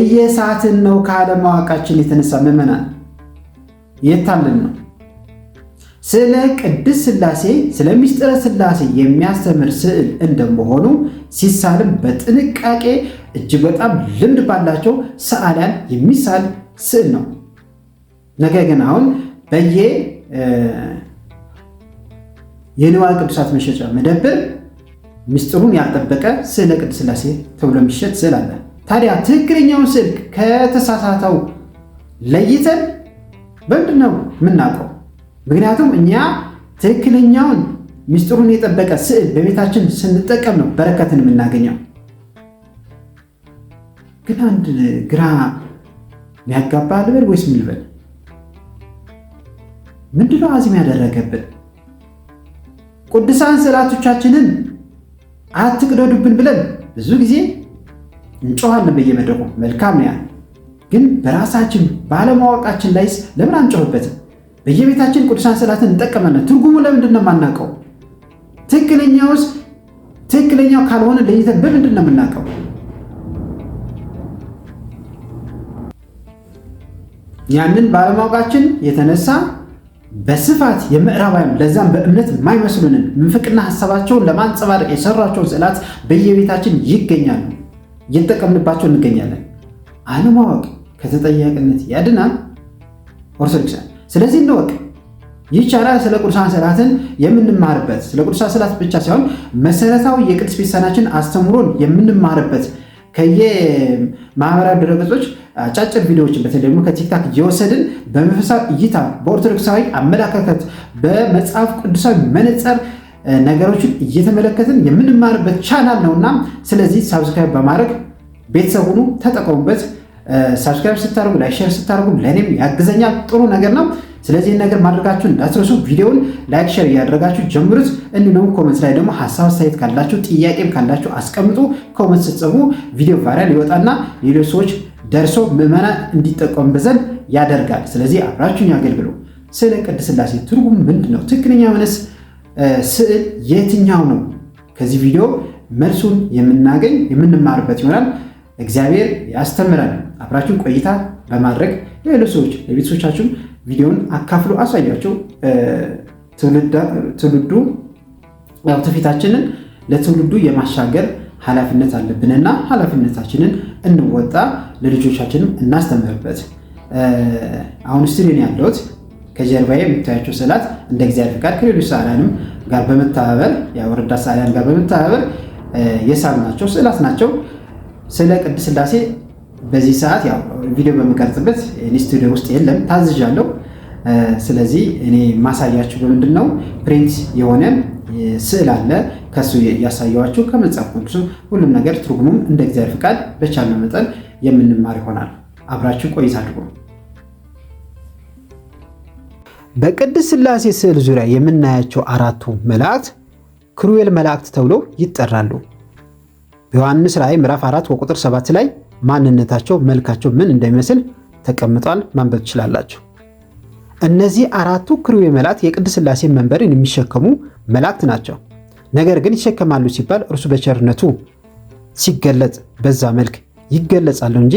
እየሳትን ነው ከአለማወቃችን የተነሳ ምዕመናን የታለን ነው። ስለ ቅድስት ስላሴ ስለ ሚስጥረ ስላሴ የሚያስተምር ስዕል እንደመሆኑ ሲሳልም በጥንቃቄ እጅግ በጣም ልምድ ባላቸው ሰዓሊያን የሚሳል ስዕል ነው። ነገር ግን አሁን በየ የንዋየ ቅዱሳት መሸጫ መደብር ምስጢሩን ያልጠበቀ ስዕለ ቅድስት ስላሴ ተብሎ የሚሸጥ ስዕል አለ። ታዲያ ትክክለኛውን ስልክ ከተሳሳተው ለይተን በምንድን ነው የምናውቀው? ምክንያቱም እኛ ትክክለኛውን ሚስጥሩን የጠበቀ ስዕል በቤታችን ስንጠቀም ነው በረከትን የምናገኘው። ግን አንድ ግራ የሚያጋባ ልበል ወይስ ምን ልበል? ምንድነው አዚም ያደረገብን? ቅዱሳን ስዕላቶቻችንን አትቅደዱብን ብለን ብዙ ጊዜ እንጮኋለን በየመድረኩ መልካም ነው ግን በራሳችን ባለማወቃችን ላይስ ለምን አንጮህበትም? በየቤታችን ቅዱሳን ስዕላትን እንጠቀመለን ትርጉሙ ለምንድን ነው የማናውቀው? ትክክለኛውስ ትክክለኛው ካልሆነ ለይተን በምንድን ነው የምናውቀው? ያንን ባለማወቃችን የተነሳ በስፋት የምዕራባውያን ለዛም በእምነት የማይመስሉንን ምንፍቅና ሀሳባቸውን ለማንጸባረቅ የሰሯቸውን ስዕላት በየቤታችን ይገኛሉ። እየተጠቀምንባቸው እንገኛለን። አለማወቅ ከተጠያቂነት ያድናል። ኦርቶዶክሳን ስለዚህ እንወቅ። ይህ ቻናል ስለ ቅዱሳን ስዕላትን የምንማርበት ስለ ቅዱሳን ስዕላት ብቻ ሳይሆን መሰረታዊ የቅድስት ቤተክርስቲያናችን አስተምሮን የምንማርበት ከየማህበራዊ ድረገጾች አጫጭር ቪዲዮዎችን በተለይ ደግሞ ከቲክታክ እየወሰድን በመንፈሳዊ እይታ፣ በኦርቶዶክሳዊ አመለካከት፣ በመጽሐፍ ቅዱሳዊ መነጽር ነገሮችን እየተመለከትን የምንማርበት ቻናል ነውና፣ ስለዚህ ሳብስክራይብ በማድረግ ቤተሰብ ሁኑ፣ ተጠቀሙበት። ሳብስክራይብ ስታደርጉ ላይ ሼር ስታደርጉ ለእኔም ያግዘኛል፣ ጥሩ ነገር ነው። ስለዚህ ነገር ማድረጋችሁ እንዳትረሱ። ቪዲዮውን ላይክ ሼር እያደረጋችሁ ጀምሩት። እንዲሁም ደግሞ ኮመንት ላይ ደግሞ ሀሳብ አስተያየት ካላችሁ ጥያቄም ካላችሁ አስቀምጡ። ኮመንት ስትጽፉ ቪዲዮ ቫይራል ይወጣና ሌሎች ሰዎች ደርሶ ምዕመናን እንዲጠቀሙበት ዘንድ ያደርጋል። ስለዚህ አብራችሁን ያገልግሉ። ስለ ቅድስት ሥላሴ ትርጉም ምንድን ነው? ትክክለኛ ምንስ ስዕል የትኛው ነው? ከዚህ ቪዲዮ መልሱን የምናገኝ የምንማርበት ይሆናል። እግዚአብሔር ያስተምራል። አብራችሁን ቆይታ በማድረግ ለሌሎች ሰዎች ለቤተሰቦቻችሁም ቪዲዮን አካፍሎ አሳያቸው። ትውልዱ ትውፊታችንን ለትውልዱ የማሻገር ኃላፊነት አለብንና ኃላፊነታችንን እንወጣ፣ ለልጆቻችንም እናስተምርበት። አሁን ስቱዲዮን ያለሁት ከጀርባ የምታያቸው ስዕላት እንደ እግዚአብሔር ፍቃድ ከሌሎች ሰዓሊያንም ጋር በመተባበር የወረዳ ሰዓሊያን ጋር በመተባበር የሳሉ ናቸው፣ ስዕላት ናቸው። ስለ ቅድስት ሥላሴ በዚህ ሰዓት ያው ቪዲዮ በምቀርጽበት እኔ ስቱዲዮ ውስጥ የለም፣ ታዝዣለሁ። ስለዚህ እኔ ማሳያችሁ በምንድን ነው ፕሪንት የሆነ ስዕል አለ። ከሱ ያሳየዋችሁ ከመጽሐፍ ቅዱሱ ሁሉም ነገር ትርጉሙም እንደ እግዚአብሔር ፍቃድ በቻለ መጠን የምንማር ይሆናል። አብራችሁ ቆይታ አድርጉ። በቅድስት ሥላሴ ስዕል ዙሪያ የምናያቸው አራቱ መላእክት ክሩዌል መላእክት ተብለው ይጠራሉ። በዮሐንስ ራእይ ምዕራፍ 4 ቁጥር 7 ላይ ማንነታቸው፣ መልካቸው ምን እንደሚመስል ተቀምጧል። ማንበብ ትችላላችሁ። እነዚህ አራቱ ክሩዌል መላእክት የቅድስት ሥላሴ መንበርን የሚሸከሙ መላእክት ናቸው። ነገር ግን ይሸከማሉ ሲባል እርሱ በቸርነቱ ሲገለጽ በዛ መልክ ይገለጻሉ እንጂ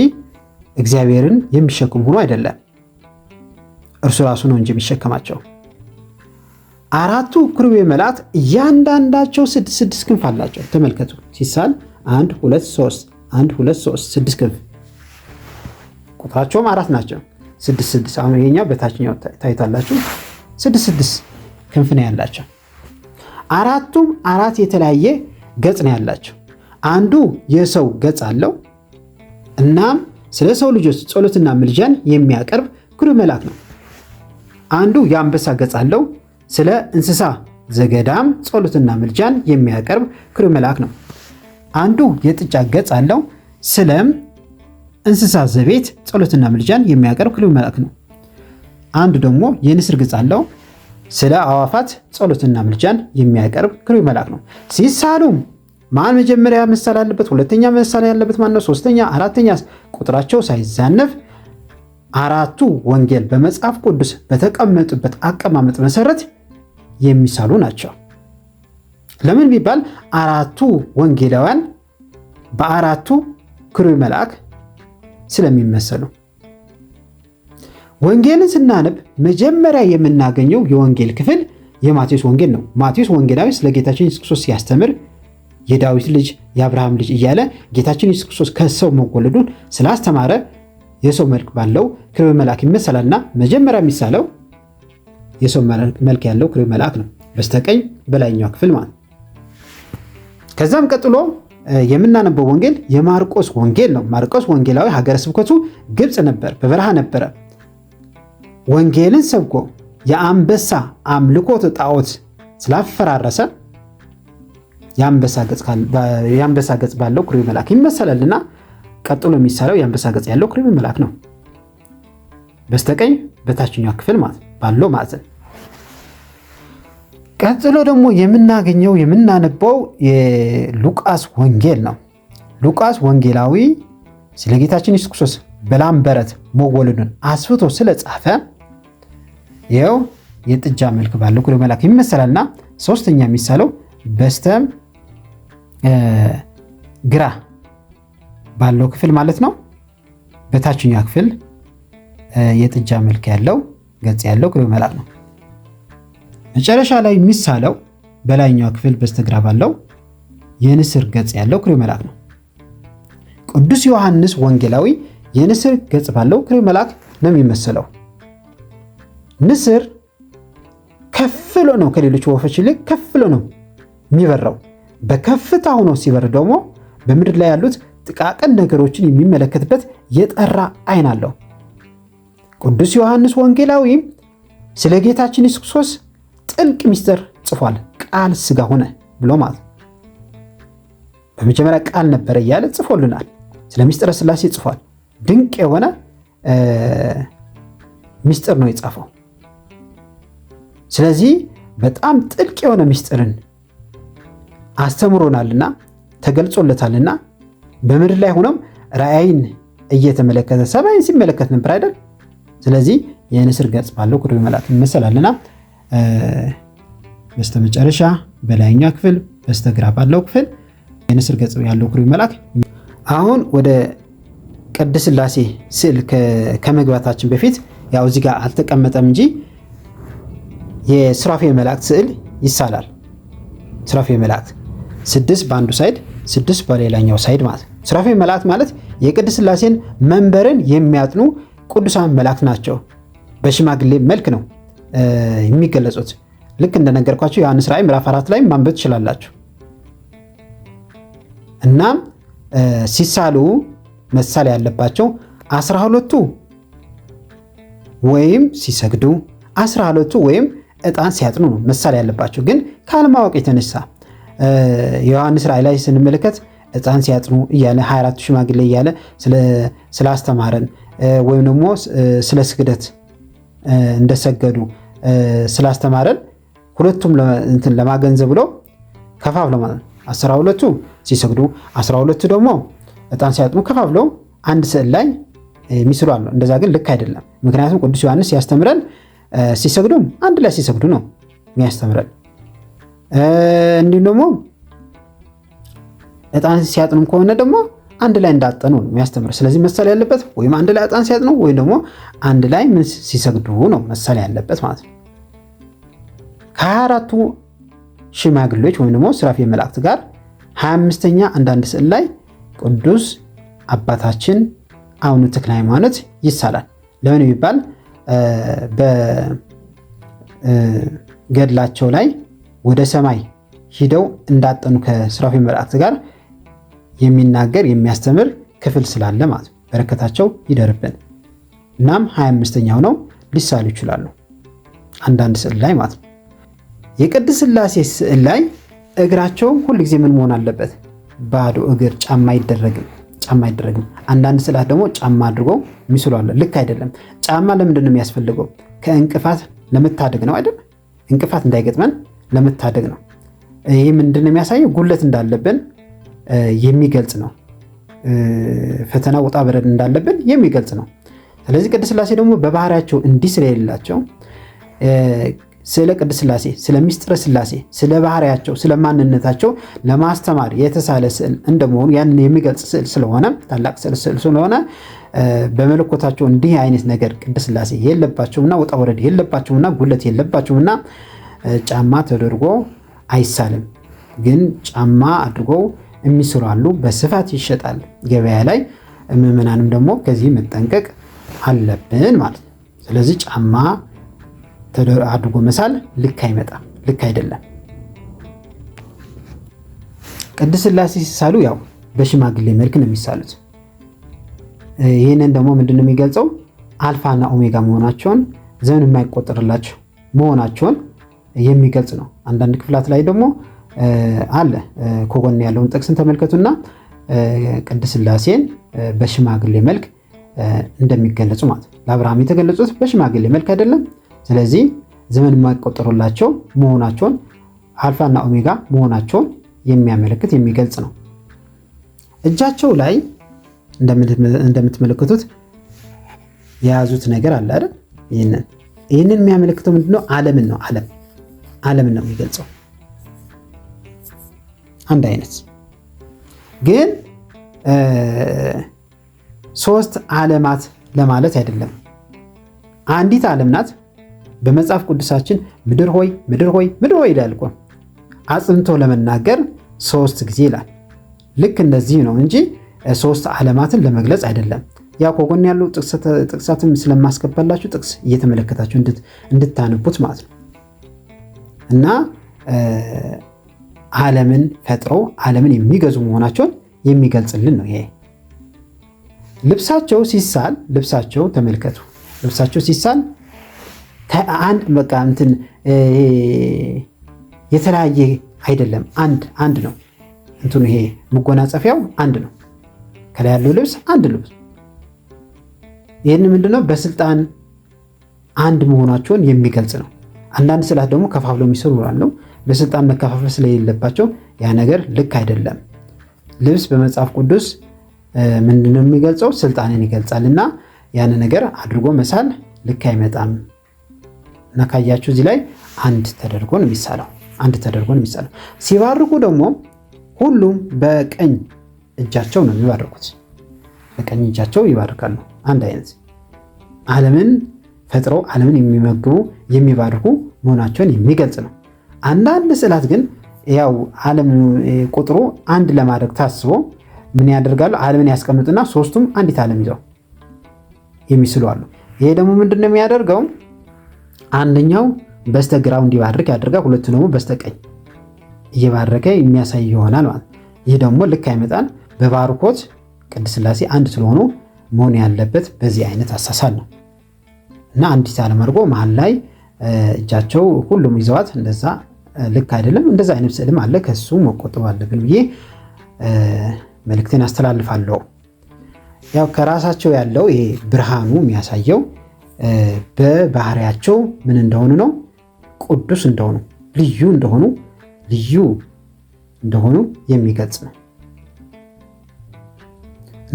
እግዚአብሔርን የሚሸክም ሆኖ አይደለም። እርሱ ራሱ ነው እንጂ የሚሸከማቸው። አራቱ ኩሩቤ መላእክት እያንዳንዳቸው ስድስት ስድስት ክንፍ አላቸው። ተመልከቱ ሲሳል አንድ ሁለት ሶስት አንድ ሁለት ሶስት ስድስት ክንፍ ቁጥራቸውም አራት ናቸው። ስድስት ስድስት አሁን ይሄኛው በታችኛው ታይታላችሁ። ስድስት ስድስት ክንፍ ነው ያላቸው። አራቱም አራት የተለያየ ገጽ ነው ያላቸው። አንዱ የሰው ገጽ አለው። እናም ስለ ሰው ልጆች ጸሎትና ምልጃን የሚያቀርብ ኩሩብ መልአክ ነው። አንዱ የአንበሳ ገጽ አለው። ስለ እንስሳ ዘገዳም ጸሎትና ምልጃን የሚያቀርብ ክሩብ መልአክ ነው። አንዱ የጥጫ ገጽ አለው። ስለም እንስሳ ዘቤት ጸሎትና ምልጃን የሚያቀርብ ክሩብ መልአክ ነው። አንዱ ደግሞ የንስር ገጽ አለው። ስለ አዋፋት ጸሎትና ምልጃን የሚያቀርብ ክሩብ መልአክ ነው። ሲሳሉም ማን መጀመሪያ ምሳሌ ያለበት፣ ሁለተኛ ምሳሌ ያለበት ማን ነው? ሶስተኛ፣ አራተኛ ቁጥራቸው ሳይዛነፍ አራቱ ወንጌል በመጽሐፍ ቅዱስ በተቀመጡበት አቀማመጥ መሰረት የሚሳሉ ናቸው። ለምን ቢባል አራቱ ወንጌላውያን በአራቱ ክሩብ መልአክ ስለሚመሰሉ። ወንጌልን ስናነብ መጀመሪያ የምናገኘው የወንጌል ክፍል የማቴዎስ ወንጌል ነው። ማቴዎስ ወንጌላዊ ስለ ጌታችን ኢየሱስ ክርስቶስ ሲያስተምር የዳዊት ልጅ የአብርሃም ልጅ እያለ ጌታችን ኢየሱስ ክርስቶስ ከሰው መወለዱን ስላስተማረ የሰው መልክ ባለው ክርብ መልአክ ይመሰላልና መጀመሪያ የሚሳለው የሰው መልክ ያለው ክርብ መልአክ ነው፣ በስተቀኝ በላይኛው ክፍል ማለት። ከዛም ቀጥሎ የምናነበው ወንጌል የማርቆስ ወንጌል ነው። ማርቆስ ወንጌላዊ ሀገረ ስብከቱ ግብፅ ነበር፣ በበረሃ ነበረ። ወንጌልን ሰብኮ የአንበሳ አምልኮት ጣዖት ስላፈራረሰ የአንበሳ ገጽ ባለው ክርብ መልአክ ይመሰላልና ቀጥሎ የሚሳለው የአንበሳ ገጽ ያለው ክሪም መልአክ ነው። በስተቀኝ በታችኛው ክፍል ማለት ባለው ማዕዘን ቀጥሎ ደግሞ የምናገኘው የምናነበው የሉቃስ ወንጌል ነው። ሉቃስ ወንጌላዊ ስለ ጌታችን ኢየሱስ ክርስቶስ በላም በረት መወለዱን አስፍቶ ስለ ጻፈ ይኸው የጥጃ መልክ ባለው ክሪም መልአክ ይመሰላልና ሶስተኛ የሚሳለው በስተም ግራ ባለው ክፍል ማለት ነው። በታችኛው ክፍል የጥጃ መልክ ያለው ገጽ ያለው ክብ መላጥ ነው። መጨረሻ ላይ የሚሳለው በላይኛው ክፍል በስተግራ ባለው የንስር ገጽ ያለው ክብ መላክ ነው። ቅዱስ ዮሐንስ ወንጌላዊ የንስር ገጽ ባለው ክብ መላክ ነው የሚመስለው። ንስር ከፍሎ ነው ከሌሎች ወፎች ይልቅ ከፍሎ ነው የሚበረው። በከፍታ ሆኖ ሲበር ደግሞ በምድር ላይ ያሉት ጥቃቅን ነገሮችን የሚመለከትበት የጠራ አይን አለው። ቅዱስ ዮሐንስ ወንጌላዊም ስለ ጌታችን ኢየሱስ ክርስቶስ ጥልቅ ምስጢር ጽፏል። ቃል ስጋ ሆነ ብሎ ማለት በመጀመሪያ ቃል ነበረ እያለ ጽፎልናል። ስለ ምስጢረ ስላሴ ጽፏል። ድንቅ የሆነ ምስጢር ነው የጻፈው። ስለዚህ በጣም ጥልቅ የሆነ ምስጢርን አስተምሮናልና ተገልጾለታልና በምድር ላይ ሆኖም ራእይን እየተመለከተ ሰማይን ሲመለከት ነበር አይደል? ስለዚህ የንስር ገጽ ባለው ኪሩብ መልአክ ይመሰላልና በስተመጨረሻ በላይኛው ክፍል በስተግራ ባለው ክፍል የንስር ገጽ ያለው ኪሩብ መልአክ። አሁን ወደ ቅድስት ሥላሴ ስዕል ከመግባታችን በፊት ያው እዚህ ጋር አልተቀመጠም እንጂ የሱራፌል መላእክት ስዕል ይሳላል። ሱራፌል መላእክት ስድስት በአንዱ ሳይድ፣ ስድስት በሌላኛው ሳይድ ማለት ሱራፌል መላእክት ማለት የቅድስት ሥላሴን መንበርን የሚያጥኑ ቅዱሳን መላእክት ናቸው። በሽማግሌ መልክ ነው የሚገለጹት። ልክ እንደነገርኳቸው ዮሐንስ ራእይ ምዕራፍ አራት ላይ ማንበብ ትችላላችሁ። እናም ሲሳሉ መሳል ያለባቸው አስራ ሁለቱ ወይም ሲሰግዱ አስራ ሁለቱ ወይም ዕጣን ሲያጥኑ ነው መሳል ያለባቸው። ግን ካለማወቅ የተነሳ የዮሐንስ ራእይ ላይ ስንመለከት ህፃን ሲያጥኑ እያለ 24 ሽማግሌ እያለ ስላስተማረን ወይም ደግሞ ስለ ስግደት እንደሰገዱ ስላስተማረን ሁለቱም እንትን ለማገንዘብ ብለው ከፋፍለው ማለት ነው። አስራ ሁለቱ ሲሰግዱ አስራ ሁለቱ ደግሞ እጣን ሲያጥሙ ከፋፍለው አንድ ስዕል ላይ የሚስሉ አሉ። እንደዛ ግን ልክ አይደለም። ምክንያቱም ቅዱስ ዮሐንስ ሲያስተምረን ሲሰግዱም አንድ ላይ ሲሰግዱ ነው የሚያስተምረን እንዲሁም ደግሞ ዕጣን ሲያጥኑም ከሆነ ደግሞ አንድ ላይ እንዳጠኑ ነው የሚያስተምር። ስለዚህ መሳል ያለበት ወይም አንድ ላይ ዕጣን ሲያጥኑ ወይም ደግሞ አንድ ላይ ምን ሲሰግዱ ነው መሳል ያለበት ማለት ነው። ከሀያ አራቱ ሽማግሌዎች ወይም ደግሞ ስራፊ መላእክት ጋር ሀያ አምስተኛ አንዳንድ ስዕል ላይ ቅዱስ አባታችን አቡነ ተክለ ሃይማኖት ይሳላል። ለምን የሚባል በገድላቸው ላይ ወደ ሰማይ ሂደው እንዳጠኑ ከስራፊ መላእክት ጋር የሚናገር የሚያስተምር ክፍል ስላለ ማለት ነው። በረከታቸው ይደርብን። እናም 25ኛ ሆነው ሊሳሉ ይችላሉ። አንዳንድ ስዕል ላይ ማለት ነው። የቅድስት ስላሴ ስዕል ላይ እግራቸው ሁልጊዜ ምን መሆን አለበት? ባዶ እግር ጫማ አይደረግም። ጫማ አይደረግም። አንዳንድ ስዕላት ደግሞ ጫማ አድርጎ ሚስሉ አለ። ልክ አይደለም። ጫማ ለምንድን ነው የሚያስፈልገው? ከእንቅፋት ለመታደግ ነው አይደል? እንቅፋት እንዳይገጥመን ለመታደግ ነው። ይህ ምንድን ነው የሚያሳየው? ጉለት እንዳለብን የሚገልጽ ነው። ፈተና ውጣ በረድ እንዳለብን የሚገልጽ ነው። ስለዚህ ቅድስት ስላሴ ደግሞ በባህሪያቸው እንዲህ ስለሌላቸው ስለ ቅድስት ስላሴ ስለ ምስጢረ ስላሴ ስለ ባህሪያቸው፣ ስለ ማንነታቸው ለማስተማር የተሳለ ስዕል እንደመሆኑ ያንን የሚገልጽ ስዕል ስለሆነ ታላቅ ስዕል ስለሆነ በመለኮታቸው እንዲህ አይነት ነገር ቅድስት ስላሴ የለባቸውና ውጣ ወረድ የለባቸውና ጉለት የለባቸውና ጫማ ተደርጎ አይሳልም። ግን ጫማ አድርጎ የሚስሩ አሉ። በስፋት ይሸጣል ገበያ ላይ። ምዕመናንም ደግሞ ከዚህ መጠንቀቅ አለብን ማለት ነው። ስለዚህ ጫማ አድርጎ መሳል ልክ አይመጣም፣ ልክ አይደለም። ቅድስት ሥላሴ ሲሳሉ ያው በሽማግሌ መልክ ነው የሚሳሉት። ይህንን ደግሞ ምንድን ነው የሚገልጸው? አልፋና ኦሜጋ መሆናቸውን ዘመን የማይቆጠርላቸው መሆናቸውን የሚገልጽ ነው። አንዳንድ ክፍላት ላይ ደግሞ አለ። ከጎን ያለውን ጥቅስን ተመልከቱና ቅድስት ሥላሴን በሽማግሌ መልክ እንደሚገለጹ ማለት ነው። ለአብርሃም የተገለጹት በሽማግሌ መልክ አይደለም። ስለዚህ ዘመን የማይቆጠሩላቸው መሆናቸውን አልፋና ኦሜጋ መሆናቸውን የሚያመለክት የሚገልጽ ነው። እጃቸው ላይ እንደምትመለከቱት የያዙት ነገር አለ አይደል? ይህንን ይህንን የሚያመለክተው ምንድነው? ዓለምን ነው። ዓለም ዓለምን ነው የሚገልጸው አንድ አይነት ግን ሶስት ዓለማት ለማለት አይደለም። አንዲት ዓለም ናት። በመጽሐፍ ቅዱሳችን ምድር ሆይ ምድር ሆይ ምድር ሆይ ይላል እኮ አጽንቶ ለመናገር ሶስት ጊዜ ይላል። ልክ እንደዚህ ነው እንጂ ሶስት ዓለማትን ለመግለጽ አይደለም። ያ ከጎን ያሉ ጥቅሳትም ስለማስገባላችሁ ጥቅስ እየተመለከታችሁ እንድታነቡት ማለት ነው እና ዓለምን ፈጥረው ዓለምን የሚገዙ መሆናቸውን የሚገልጽልን ነው። ይሄ ልብሳቸው ሲሳል ልብሳቸው ተመልከቱ፣ ልብሳቸው ሲሳል አንድ በቃ እንትን የተለያየ አይደለም፣ አንድ አንድ ነው። እንትኑ ይሄ መጎናጸፊያው አንድ ነው። ከላይ ያለው ልብስ አንድ ልብስ። ይህን ምንድነው በስልጣን አንድ መሆናቸውን የሚገልጽ ነው። አንዳንድ ስዕላት ደግሞ ከፋፍለው የሚሰሩ አለው። በስልጣን መከፋፈል ስለሌለባቸው ያ ነገር ልክ አይደለም። ልብስ በመጽሐፍ ቅዱስ ምንድነው የሚገልጸው? ስልጣንን ይገልጻል እና ያን ነገር አድርጎ መሳል ልክ አይመጣም። እና ካያችሁ እዚህ ላይ አንድ ተደርጎ ነው የሚሳለው። አንድ ተደርጎ ነው የሚሳለው። ሲባርኩ ደግሞ ሁሉም በቀኝ እጃቸው ነው የሚባርኩት። በቀኝ እጃቸው ይባርካሉ። አንድ አይነት ዓለምን ፈጥረው ዓለምን የሚመግቡ የሚባርኩ መሆናቸውን የሚገልጽ ነው። አንዳንድ ስዕላት ግን ያው ዓለም ቁጥሩ አንድ ለማድረግ ታስቦ ምን ያደርጋሉ? ዓለምን ያስቀምጡና ሶስቱም አንዲት ዓለም ይዘው የሚስሉ አሉ። ይሄ ደግሞ ምንድን ነው የሚያደርገው? አንደኛው በስተግራው እንዲባርክ ያደርጋል። ሁለቱ ደግሞ በስተቀኝ እየባረከ የሚያሳይ ይሆናል ማለት ይህ ደግሞ ልክ አይመጣን። በባርኮት ቅድስት ሥላሴ አንድ ስለሆኑ መሆን ያለበት በዚህ አይነት አሳሳል ነው እና አንዲት ዓለም አድርጎ መሀል ላይ እጃቸው ሁሉም ይዘዋት እንደዛ ልክ አይደለም። እንደዛ አይነት ስዕልም አለ፣ ከሱ መቆጠብ አለብን ብዬ መልእክቴን አስተላልፋለሁ። ያው ከራሳቸው ያለው ይሄ ብርሃኑ የሚያሳየው በባህሪያቸው ምን እንደሆኑ ነው፣ ቅዱስ እንደሆኑ ልዩ እንደሆኑ ልዩ እንደሆኑ የሚገልጽ ነው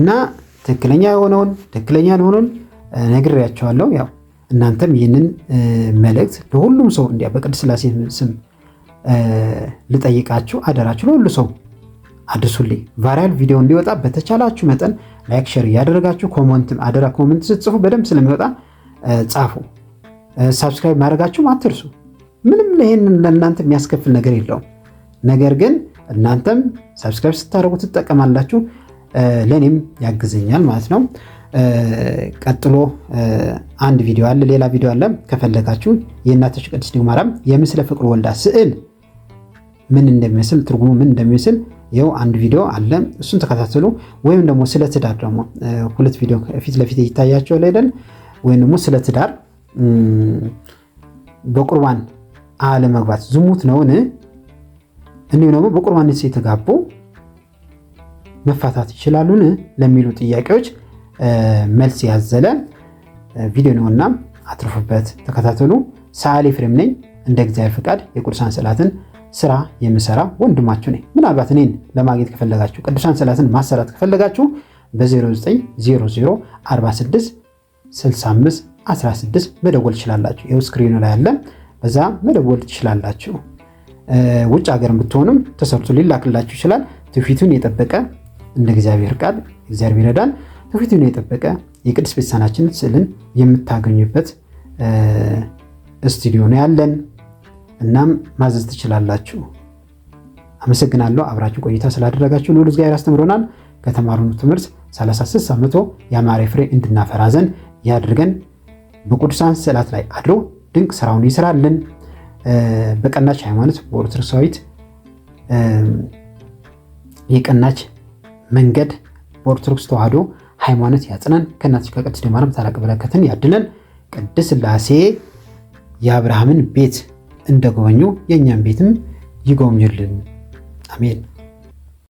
እና ትክክለኛ የሆነውን ትክክለኛ ያልሆነውን ነግሬያቸዋለሁ። ያው እናንተም ይህንን መልእክት ለሁሉም ሰው እንዲያ በቅድስት ስም ልጠይቃችሁ አደራችሁ ለሁሉ ሰው አድርሱልኝ። ቫይራል ቪዲዮ እንዲወጣ በተቻላችሁ መጠን ላይክ፣ ሼር እያደረጋችሁ ኮመንትም አደራ ኮመንት ስትጽፉ በደንብ ስለሚወጣ ጻፉ። ሳብስክራይብ ማድረጋችሁም አትርሱ። ምንም ይህንን ለእናንተ የሚያስከፍል ነገር የለውም። ነገር ግን እናንተም ሳብስክራይብ ስታደርጉ ትጠቀማላችሁ፣ ለእኔም ያግዘኛል ማለት ነው። ቀጥሎ አንድ ቪዲዮ አለ፣ ሌላ ቪዲዮ አለ። ከፈለጋችሁ የእናታችን ቅድስት ድንግል ማርያም የምስለ ፍቅር ወልዳ ስዕል ምን እንደሚመስል ትርጉሙ ምን እንደሚመስል ይኸው አንድ ቪዲዮ አለ፣ እሱን ተከታተሉ። ወይም ደግሞ ስለ ትዳር ደግሞ ሁለት ቪዲዮ ፊት ለፊት ይታያቸዋል አይደል? ወይም ደግሞ ስለ ትዳር በቁርባን አለመግባት ዝሙት ነውን? እንዲሁም ደግሞ በቁርባን የተጋቡ መፋታት ይችላሉን ለሚሉ ጥያቄዎች መልስ ያዘለ ቪዲዮ ነውና አትርፉበት፣ ተከታተሉ። ሰዓሊ ፍሬምነኝ ነኝ። እንደ እግዚአብሔር ፈቃድ የቁርሳን ስዕላትን ስራ የምሰራ ወንድማችሁ ነኝ። ምናልባት እኔን ለማግኘት ከፈለጋችሁ ቅዱሳን ስላሴን ማሰራት ከፈለጋችሁ በ 0946 65 16 መደወል ትችላላችሁ። ይኸው ስክሪኑ ላይ ያለ በዛ መደወል ትችላላችሁ። ውጭ ሀገር ብትሆንም ተሰርቶ ሊላክላችሁ ይችላል። ትውፊቱን የጠበቀ እንደ እግዚአብሔር ቃል እግዚአብሔር ይረዳል። ትውፊቱን የጠበቀ የቅድስት ቤተሳናችን ስዕልን የምታገኙበት ስቱዲዮ ነው ያለን። እናም ማዘዝ ትችላላችሁ። አመሰግናለሁ። አብራችሁ ቆይታ ስላደረጋችሁ ልዑል እግዚአብሔር አስተምሮናል። ከተማሩን ትምህርት 36 በመቶ ያማረ ፍሬ እንድናፈራ ዘንድ ያድርገን። በቅዱሳን ስዕላት ላይ አድሮ ድንቅ ስራውን ይስራልን። በቀናች ሃይማኖት በኦርቶዶክሳዊት የቀናች መንገድ በኦርቶዶክስ ተዋህዶ ሃይማኖት ያጽናን። ከእናቶች ከቅድስት ማርያም ታላቅ በረከትን ያድለን። ቅድስት ሥላሴ የአብርሃምን ቤት እንደጎበኙ የእኛም ቤትም ይጎብኙልን። አሜን።